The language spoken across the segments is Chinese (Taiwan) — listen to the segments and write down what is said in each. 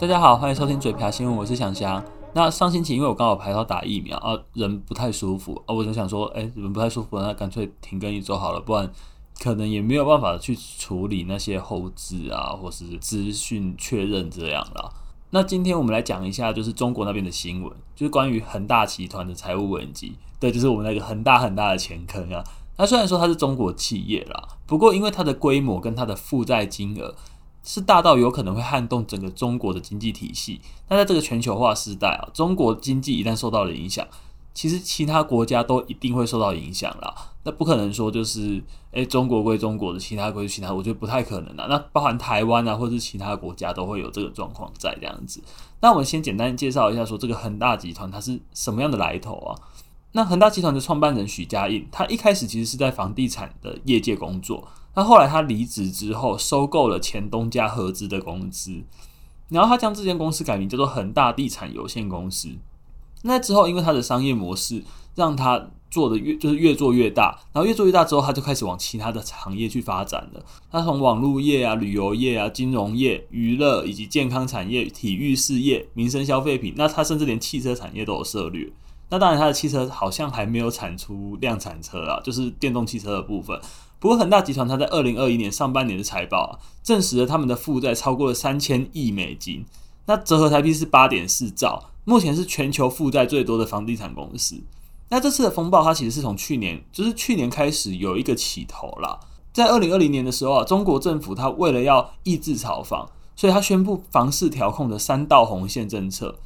大家好，歡迎收聽嘴瓢新聞，我是想想，那上星期因為我剛好排到打疫苗啊，人不太舒服啊，我就想說，誒，人不太舒服，那乾脆停更一周好了，不然可能也沒有辦法去處理那些後製啊，或是資訊確認這樣了啊。那今天我們來講一下，就是中國那邊的新聞，就是關於恆大集團的財務危機。對，就是我們那個很大很大的錢坑啊。它雖然說它是中國企業啦，不過因為它的規模跟它的負債金額，是大到有可能會撼動整個中國的經濟體系。那在這個全球化時代啊，中國經濟一旦受到了影響，其實其他國家都一定會受到影響啦。那不可能說就是誒、欸，中國歸中國的，其他歸其他，我覺得不太可能啦。那包含台灣啊，或者是其他國家都會有這個狀況在這樣子。那我們先簡單介紹一下說，說這個恆大集團它是什麼樣的來頭啊？那恆大集團的創辦人許家印，他一開始其實是在房地產的業界工作。那後來他離職之後，收購了前東家合資的公司，然後他將這間公司改名叫做恆大地產有限公司。那之後，因為他的商業模式讓他做的越就是越做越大，然後越做越大之後，他就開始往其他的行業去發展了。他從網絡業啊、旅遊業啊、金融業、娛樂以及健康產業、體育事業、民生消費品，那他甚至連汽車產業都有涉略。那當然，他的汽車好像還沒有產出量產車啊，就是電動汽車的部分。不過恆大集團它在二零二一年上半年的財報啊，證實了他們的負債超過了三千億美金，那折合台幣是八點四兆，目前是全球負債最多的房地產公司。那這次的風暴它其實是從去年，就是去年開始有一個起頭了。在二零二零年的時候啊，中國政府他為了要抑制炒房，所以他宣布房市調控的三道紅線政策。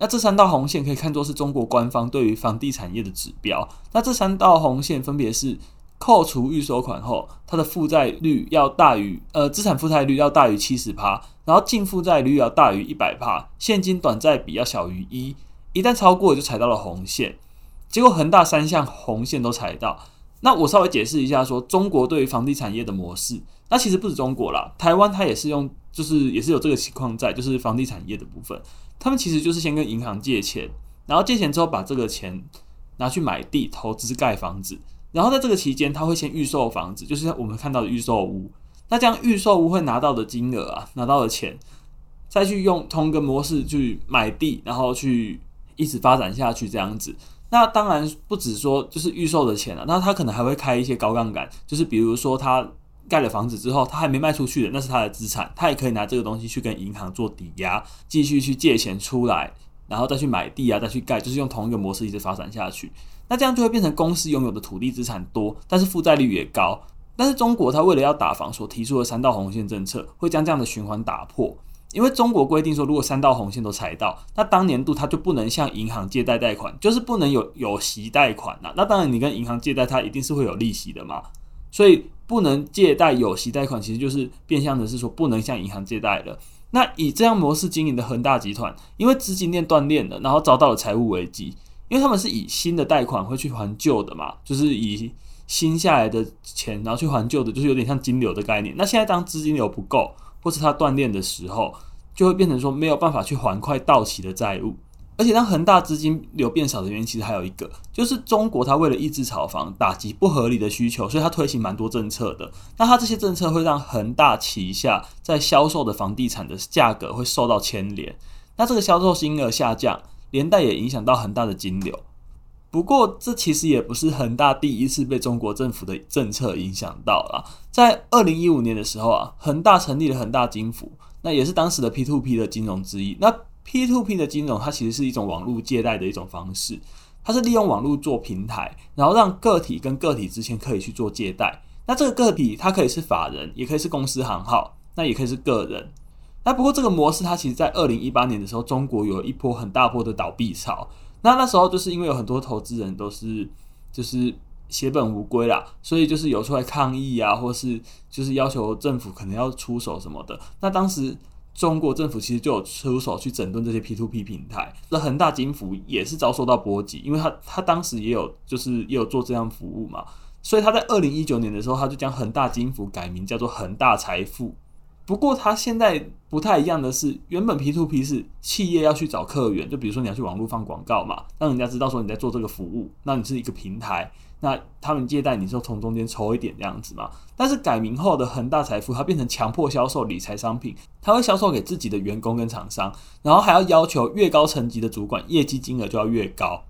那這三道紅線可以看作是中國官方對於房地產業的指標。那這三道紅線分別是：扣除預收款後，它的負債率要大於呃資產負債率要大於七十趴；然後淨負債率要大於一百趴；現金短債比要小於一。一旦超過就踩到了紅線。結果恆大三項紅線都踩到。那我稍微解釋一下說，說中國對於房地產業的模式，那其實不止中國啦，台灣它也是用，就是也是有這個情況在，就是房地產業的部分。他們其實就是先跟銀行借錢，然後借錢之後把這個錢拿去買地、投資、蓋房子，然後在這個期間他會先預售房子，就是我們看到的預售屋。那這樣預售屋會拿到的金額啊，拿到的錢，再去用同個模式去買地，然後去一直發展下去這樣子。那當然不只說就是預售的錢了、啊，那他可能還會開一些高槓桿，就是比如說他。蓋了房子之後，他還沒賣出去的，那是他的資產，他也可以拿這個東西去跟銀行做抵押，繼續去借錢出來，然後再去買地啊，再去蓋，就是用同一個模式一直發展下去。那這樣就會變成公司擁有的土地資產多，但是負債率也高。但是中國它為了要打房，所提出的三道紅線政策，會將這樣的循環打破。因為中國規定說，如果三道紅線都踩到，那當年度它就不能向銀行借貸貸款，就是不能有有息貸款了啊。那當然，你跟銀行借貸，它一定是會有利息的嘛。所以。不能借貸有息貸款，其實就是變相的是說不能向銀行借貸的。那以這樣模式經營的恆大集團，因為資金鏈斷裂了，然後遭到了財務危機，因為他們是以新的貸款會去還舊的嘛，就是以新下來的錢然後去還舊的，就是有點像金流的概念。那現在當資金流不夠或是它斷裂的時候，就會變成說沒有辦法去還快到期的債務。而且讓恆大資金流變少的原因，其實還有一個，就是中國它為了抑制炒房、打擊不合理的需求，所以它推行蠻多政策的。那它這些政策會讓恆大旗下在銷售的房地產的價格會受到牽連，那這個銷售金額下降，連帶也影響到恆大的金流。不過這其實也不是恆大第一次被中國政府的政策影響到了。在二零一五年的時候啊，恆大成立了恆大金服，那也是當時的 P to P 的金融之一。那 P to P 的金融，它其實是一種網絡借貸的一種方式，它是利用網絡做平台，然後讓個體跟個體之間可以去做借貸。那這個個體它可以是法人，也可以是公司行號，那也可以是個人。那不過這個模式，它其實在二零一八年的時候，中國有一波很大波的倒閉潮。那那時候就是因為有很多投資人都是就是血本無歸啦，所以就是有出來抗議啊，或是就是要求政府可能要出手什麼的。那當時，中國政府其實就有出手去整頓這些 P2P 平台，那恆大金服也是遭受到波及，因為他他當時也有就是也有做這樣服務嘛，所以他在二零一九年的時候，他就將恆大金服改名叫做恆大財富。不過，它現在不太一樣的是，原本 P2P 是企業要去找客源，就比如說你要去網絡放廣告嘛，讓人家知道說你在做這個服務，那你是一個平台，那他們借貸你就從中間抽一點這樣子嘛。但是改名後的恆大財富，它變成強迫銷售理財商品，它會銷售給自己的員工跟廠商，然後還要要求越高層級的主管業績金額就要越高。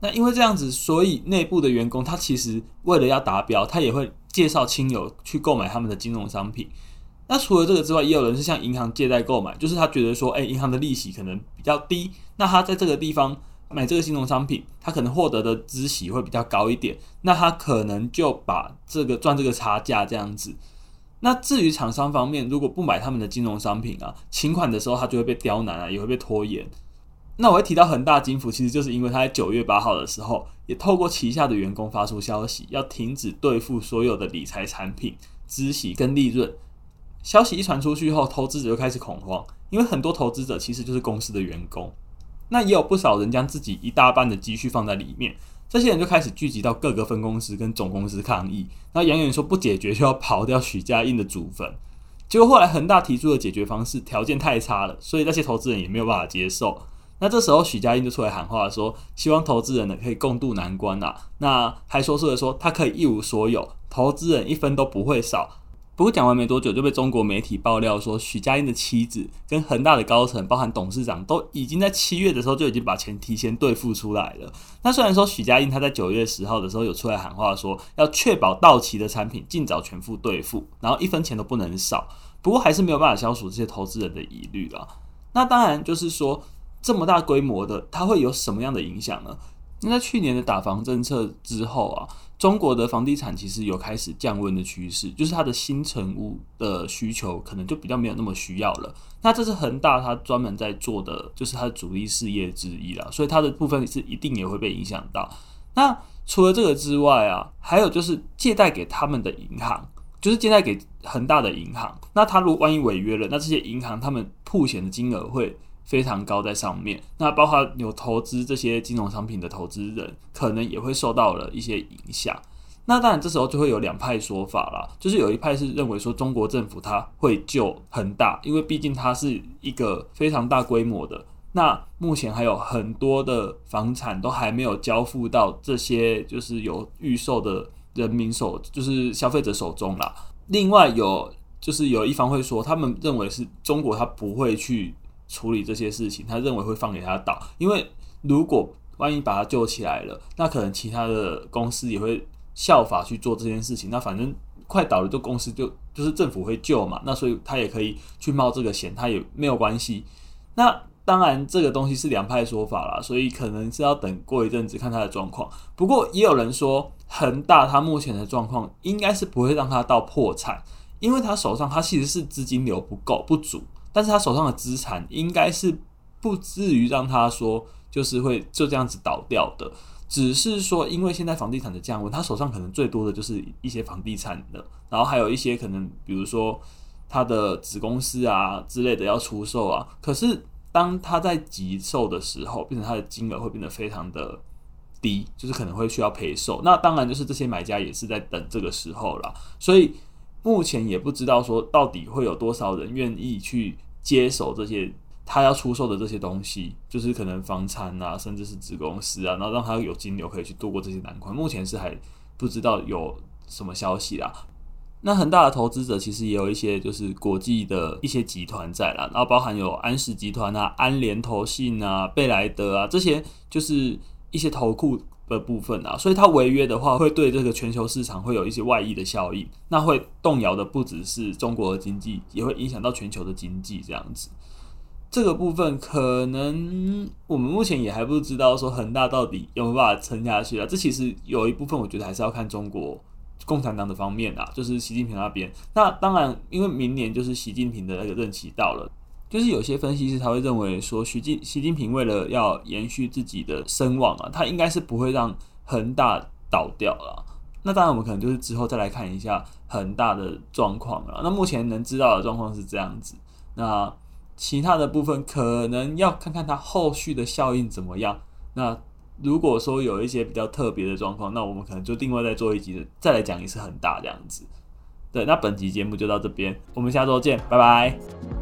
那因為這樣子，所以內部的員工他其實為了要達標，他也會介紹親友去購買他們的金融商品。那除了這個之外，也有人是向銀行借貸購買，就是他覺得說，誒、欸，銀行的利息可能比較低，那他在這個地方買這個金融商品，他可能獲得的孳息會比較高一點，那他可能就把這個賺這個差價這樣子。那至於廠商方面，如果不買他們的金融商品啊，請款的時候他就會被刁難啊，也會被拖延。那我會提到恆大金服，其實就是因為他在九月八號的時候，也透過旗下的員工發出消息，要停止兌付所有的理財產品孳息跟利潤。消息一傳出去後，投資者就開始恐慌，因為很多投資者其實就是公司的員工，那也有不少人將自己一大半的積蓄放在裡面，這些人就開始聚集到各個分公司跟總公司抗議，那揚言說不解決就要刨掉許家印的祖墳。結果後來恆大提出的解決方式條件太差了，所以那些投資人也沒有辦法接受。那這時候許家印就出來喊話說，希望投資人呢可以共度難關吶啊，那還說出了說他可以一無所有，投資人一分都不會少。不過講完沒多久就被中國媒體爆料說，許家印的妻子跟恆大的高層，包含董事長，都已經在七月的時候就已經把錢提前兌付出來了。那雖然說許家印他在九月十號的時候有出來喊話說，說要確保到期的產品儘早全部兌付，然後一分錢都不能少。不過還是沒有辦法消除這些投資人的疑慮了。那當然就是說這麼大規模的，它會有什麼樣的影響呢？那在去年的打房政策之後啊。中國的房地產其實有開始降溫的趨勢，就是它的新成屋的需求可能就比較沒有那麼需要了。那這是恆大它專門在做的，就是它的主力事業之一了，所以它的部分是一定也會被影響到。那除了這個之外啊，還有就是借貸給他們的銀行，就是借貸給恆大的銀行。那他如果萬一違約了，那這些銀行他們曝險的金額會非常高在上面，那包括有投資這些金融商品的投資人，可能也會受到了一些影響。那當然，這時候就會有兩派說法了，就是有一派是認為說中國政府它會救恆大，因為畢竟它是一個非常大規模的。那目前還有很多的房產都還沒有交付到這些就是有預售的人民手，就是消費者手中啦。另外有就是有一方會說，他們認為是中國它不會去。處理這些事情，他認為會放給他倒，因為如果萬一把他救起來了，那可能其他的公司也會效法去做這件事情。那反正快倒了，就公司就就是政府會救嘛，那所以他也可以去冒這個險，他也沒有關係。那當然這個東西是兩派說法啦，所以可能是要等過一陣子看他的狀況。不過也有人說，恆大他目前的狀況應該是不會讓他到破產，因為他手上他其實是資金流不夠不足。但是他手上的資產應該是不至於讓他說就是會就這樣子倒掉的，只是說因為現在房地產的降溫，他手上可能最多的就是一些房地產的，然後還有一些可能比如說他的子公司啊之類的要出售啊。可是當他在急售的時候，變成他的金額會變得非常的低，就是可能會需要賠售。那當然就是這些買家也是在等這個時候了，所以目前也不知道說到底會有多少人願意去。接手這些他要出售的這些東西，就是可能房產啊，甚至是子公司啊，然後讓他有金流可以去度過這些難關。目前是還不知道有什麼消息啦。那恆大的投資者其實也有一些，就是國際的一些集團在啦，然後包含有安石集團啊、安聯投信啊、貝萊德啊這些，就是一些投顧。的部分啊，所以它違約的話，會對這個全球市場會有一些外溢的效應，那會動搖的不只是中國的經濟，也會影響到全球的經濟這樣子。這個部分可能我們目前也還不知道，說恆大到底有沒有辦法撐下去啊？這其實有一部分我覺得還是要看中國共產黨的方面啊，就是習近平那邊。那當然，因為明年就是習近平的那個任期到了。就是有些分析師他會認為說，習近習近平為了要延續自己的聲望啊，他應該是不會讓恆大倒掉了。那當然，我們可能就是之後再來看一下恆大的狀況了。那目前能知道的狀況是這樣子，那其他的部分可能要看看它後續的效應怎麼樣。那如果說有一些比較特別的狀況，那我們可能就另外再做一集的，再來講一次恆大這樣子。對，那本期節目就到這邊，我們下週見，拜拜。